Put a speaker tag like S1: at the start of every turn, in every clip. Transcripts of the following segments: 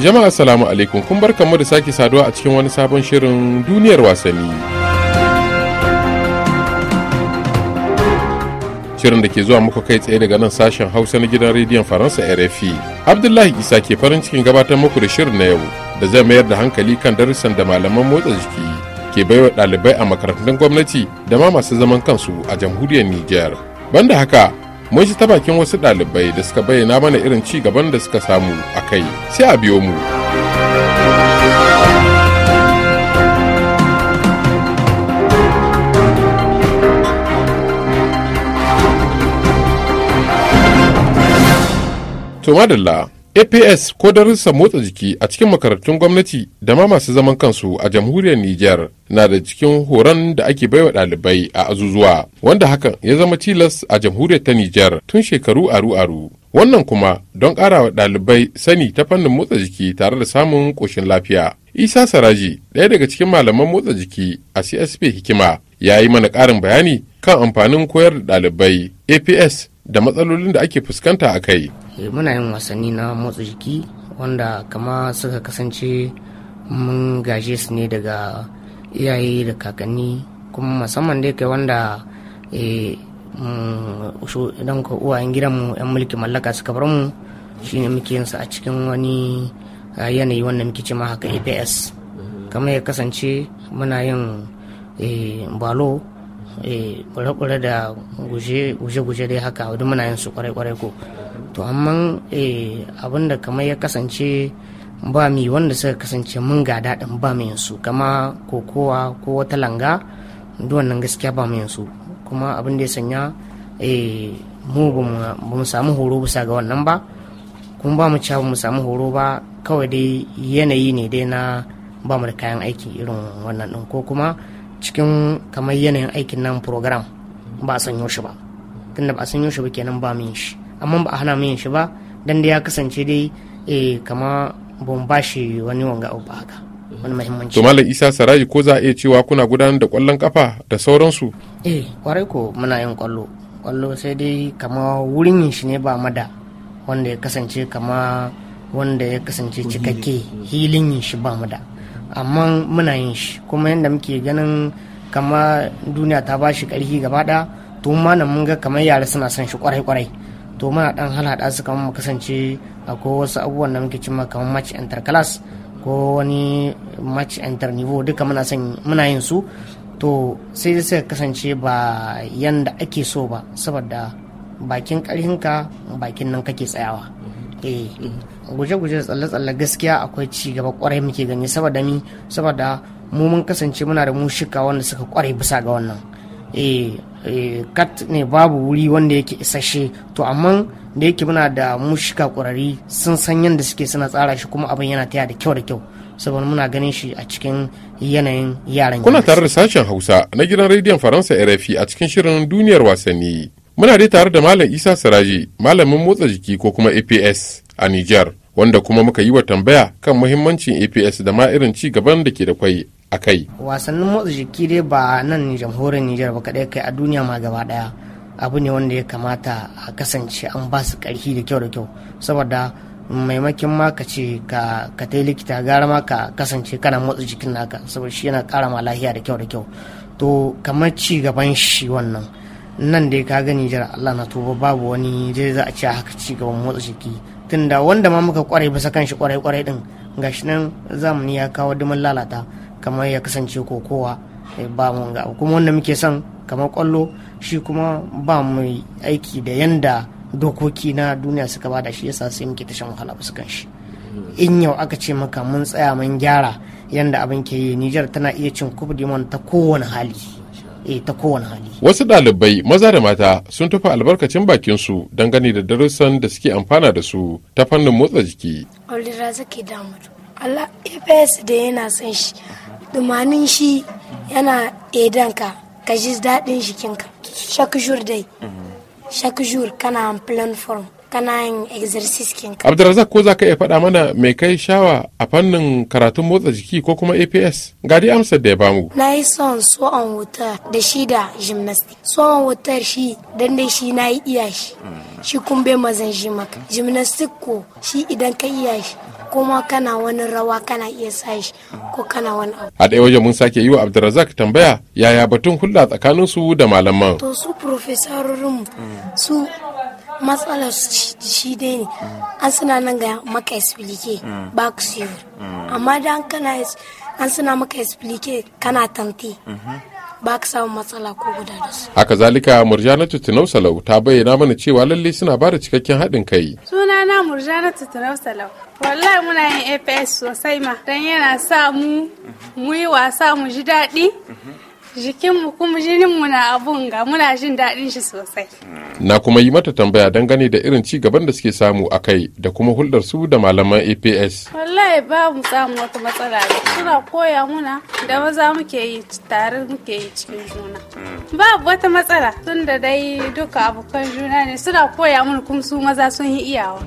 S1: Jama'a assalamu alaikum kun bar kamar da sake saduwa a cikin wani sabon shirin duniyar wasanni. Shirin da ke zuwa muku kai tsaye daga nan sashen Hausa na gidan rediyon Faransa RFI. Abdullahi Isa ke farin cikin gabatar muku da shirin na yau da zai mayar da hankali kan darussan da malaman motsa jiki ke baiwa ɗalibai a makarantun gwamnati da ma masu zaman kansu a jamhuriyar Nijar. Banda haka mun ji ta bakin wasu ɗalibai da suka bayyana mana irin ci gaban da suka samu a kai sai a biyo mu. To madalla APS ko darussan motsa jiki a cikin makarantun gwamnati da ma masu zaman kansu a jamhuriyar Nijar na da cikin horon da ake baiwa ɗalibai a azuzuwa wanda hakan ya zama tilas a jamhuriyar ta Nijar tun shekaru aru-aru. Wannan kuma don ƙarawa ɗalibai sani ta fannin motsa jiki tare da samun ƙoshin lafiya. Isa Saraji ɗaya daga cikin malaman motsa jiki a CSP Hikima ya yi mana ƙarin bayani kan amfanin koyar da ɗalibai APS da matsalolin da ake fuskanta a kai. Eh,
S2: muna yin wasanni na motsa jiki wanda kama suka kasance mun gaje su ne daga iyaye da kakanni kuma musamman dai kai wanda eh, mm, idan ka uwayen gidanmu 'yan mulki mallaka suka bar mu shine muke yinsa a cikin wani eh, yanayi wanda muke ce haka aps kamar ya kasance muna yin balo Eh, kure da guje-guje dai haka wadda muna yin su kwarai-kwarai ko to amma eh, abin da kamar ya kasance ba mi wanda suka kasance mun ga daɗin ba mu su kama kokowa ko wata langa nan gaskiya ba mu su kuma abin da ya sanya eh, mu ba mu samu horo bisa ga wannan ba kuma ba mu ba mu samu horo ba kawai dai yanayi ne dai na ba mu da kayan aiki irin wannan ɗin ko kuma cikin kamar yanayin aikin nan program ba a sanyo shi ba tunda ba a sanyo shi ba kenan ba min shi amma ba a hana min shi ba dan da ya kasance dai eh kama bon ba shi wani wanga ba haka wani muhimmanci to malam
S1: isa sarayi ko za a iya cewa kuna gudanar da kwallon kafa da sauransu
S2: eh kwarai ko muna yin kwallo kwallo sai dai kama wurin yin shi ne ba mada wanda ya kasance kama wanda ya kasance cikakke hilin yin shi ba mada amma muna yin shi kuma yadda muke ganin kama duniya ta ba shi ƙarfi gaba ɗaya to ma na mun ga kamar yara suna son shi kwarai kwarai to muna dan halhaɗa su kamar mu kasance akwai wasu abubuwan da muke cimma kamar match enter class ko wani match enter niveau duka muna son muna yin su to sai suka kasance ba yanda ake so ba saboda bakin ƙarhinka bakin nan kake tsayawa eh mm-hmm. guje-guje tsalle-tsalle gaskiya akwai ci gaba kwarai muke gani saboda mi saboda mu mun kasance muna da mushika wanda suka kware bisa ga wannan eh, eh kat ne babu wuri wanda yake isasshe to amma da yake muna da mushika kwarari sun san yadda suke suna tsara shi kuma abin yana taya da kyau da kyau saboda muna ganin shi a cikin yanayin yaran kuna tare
S1: da sashen hausa na gidan rediyon faransa rfi a cikin shirin duniyar wasanni Muna dai tare da Malam Isa Siraji, malamin motsa jiki ko kuma APS a Nijar, wanda kuma muka yi wa tambaya kan muhimmancin APS da ma irin ci gaban da ke da kwai a kai.
S2: Wasannin motsa jiki dai ba nan jamhuriyar Nijar ba kaɗai kai a duniya ma gaba ɗaya. Abu ne wanda ya kamata a kasance an ba su ƙarfi da kyau da kyau, saboda maimakin ma ka ce ka ta likita gara ma ka kasance kana motsa jikin naka saboda shi yana ƙara ma lahiya da kyau da kyau. To kamar ci gaban shi wannan. nan dai ka gani jira Allah na tuba babu wani zai za a ci haka ci gaban motsa jiki tunda wanda ma muka kware bisa kanshi kwarai kwarai din gashi nan zamani ya kawo dumin lalata kamar ya kasance kokowa eh, ba mu ga kuma wanda muke son kamar kwallo shi kuma ba mu aiki da yanda dokoki na duniya suka bada shi yasa sai muke ta shan wahala bisa kanshi in yau aka ce maka mun tsaya mun gyara yanda abin ke yi Nijar tana iya cin kubdi ta kowane hali E, ta kowane hali.
S1: Wasu ɗalibai maza da mata sun tafi albarkacin bakin su dangane da darussan da suke amfana da su ta fannin motsa jiki.
S2: Olira zake damu. Allah EPS da yana son shi. Dumanin shi yana edanka ka ji daɗin jikinka. Shakujur dai.
S1: Mhm.
S2: Shakujur kana plan form. kana yin exercise kin ka
S1: Abdulrazak ko zaka iya faɗa mana mai kai shawa a fannin karatun motsa jiki ko kuma APS ga dai amsar da ya bamu
S2: na yi son so on water da shi da gymnastics so on water shi dan dai shi na yi iya shi shi kun bai mazan shi maka gymnastics ko shi idan ka iya shi kuma kana wani rawa kana iya sa shi ko kana wani abu.
S1: A ɗaya wajen mun sake yi wa Abdulrazak tambaya yaya batun hulɗa tsakanin su da malaman.
S2: To su professorin su matsalar shi dai ne an suna nan ga maka explique ba ku siyo amma da an kana an suna maka explique kana tanti mm-hmm. ba ka samu matsala ko guda da su.
S1: Haka zalika murjana tutunau Salau ta bayyana mana cewa lalle suna ba da cikakken haɗin kai.
S3: na murjana tutunau Salau. Wallahi muna yin APS sosai ma don yana sa mu mm-hmm. mu yi wasa mu ji daɗi. Mm-hmm. Jikinmu kuma jininmu na abun ga muna jin daɗin shi sosai. Mm.
S1: na kuma yi mata tambaya dangane da irin ci gaban da suke samu a kai da kuma hulɗar su da malaman aps
S3: wallahi ba mu samu wata matsala ne suna koya muna da maza muke yi tare muke yi cikin juna mm. ba wata matsala tun da dai duka abokan juna ne suna koya mun kuma su maza sun yi iyawa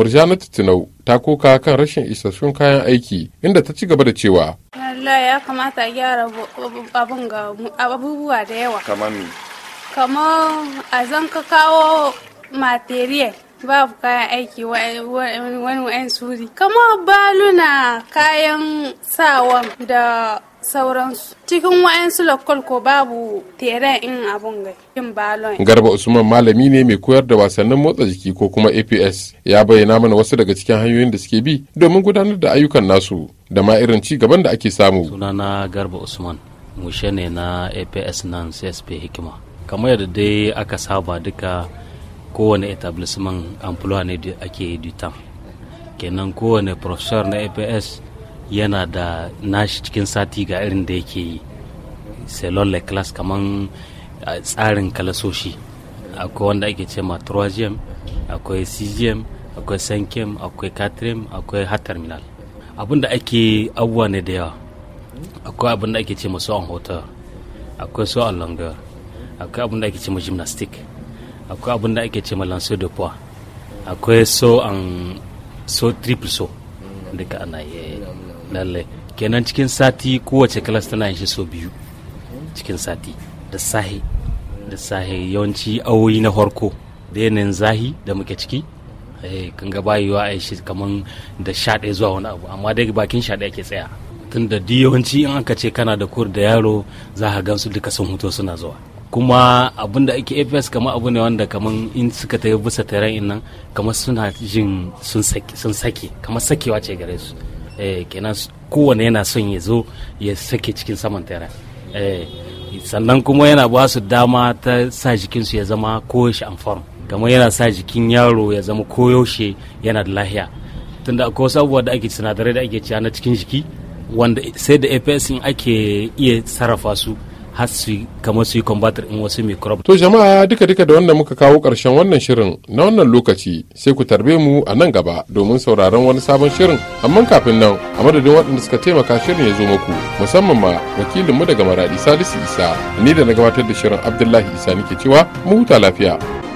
S1: Murjanatu Tinau ta koka kan rashin isassun kayan aiki inda ta ci gaba da cewa.
S3: Allah ya kamata a gyara abin ga abubuwa da yawa. Kamar mi? Kamar a zan ka kawo material babu kayan aiki wani wani suri. Kamar baluna kayan sawan da sauransu cikin wa'yansu lokal ko babu tere in abun gai yin
S1: balon garba usman malami ne mai koyar da wasannin motsa jiki ko kuma aps ya bayyana mana wasu daga cikin hanyoyin da suke bi domin gudanar da ayyukan nasu da ma irin ci gaban da ake samu
S4: sunana garba usman mushe ne na aps nan csp hikima kamar yadda dai aka saba duka kowane etablissement employer ne da ake dutan kenan kowane professor na aps yana da nashi cikin sati ga irin da yake yi selon le class kamar tsarin kalasoshi akwai wanda ake ce ma 3 akwai cgm akwai sankem akwai katrim akwai har terminal abinda ake abubuwa ne da yawa akwai abinda ake ce masu an hotel akwai su an longueur akwai abinda ake ce ma gymnastic akwai abinda ake ce ma lancer de poids akwai so an so triple so duka ana yi lalle kenan cikin sati kowace class tana yin shi so biyu cikin sati da sahi da sahi yawanci awoyi na farko da yanayin zahi da muke ciki eh, kan ga bayewa a shi kamar da sha ɗaya zuwa wani abu amma dai bakin sha ɗaya ke tsaya tun da yawanci in aka ce kana da kur da yaro za ka su duka sun hutu suna zuwa kuma abin da ake fs kama abu ne wanda kamar in suka ta bisa taron nan kamar suna jin sun sake kamar sakewa ce gare su Eh, kenan kowane yana son ya zo ya sake cikin saman tera eh, sannan kuma yana ba su dama ta sa jikinsu ya zama koyaushe amfani kamar yana sa jikin yaro ya zama koyaushe yana da lahiya tunda akwai wasu abubuwa da ake sinadarai da ake ciyana na cikin jiki wanda sai da fs ake iya sarrafa su har su kamar su yi combatar in wasu microbe. To
S1: jama'a duka duka da wanda muka kawo ƙarshen wannan shirin na wannan lokaci sai ku tarbe mu a nan gaba domin sauraron wani sabon shirin amma kafin nan a madadin waɗanda suka taimaka shirin ya zo muku musamman ma wakilin mu daga Maradi Salisu Isa ni da na gabatar da shirin Abdullahi Isa nake cewa mu huta lafiya.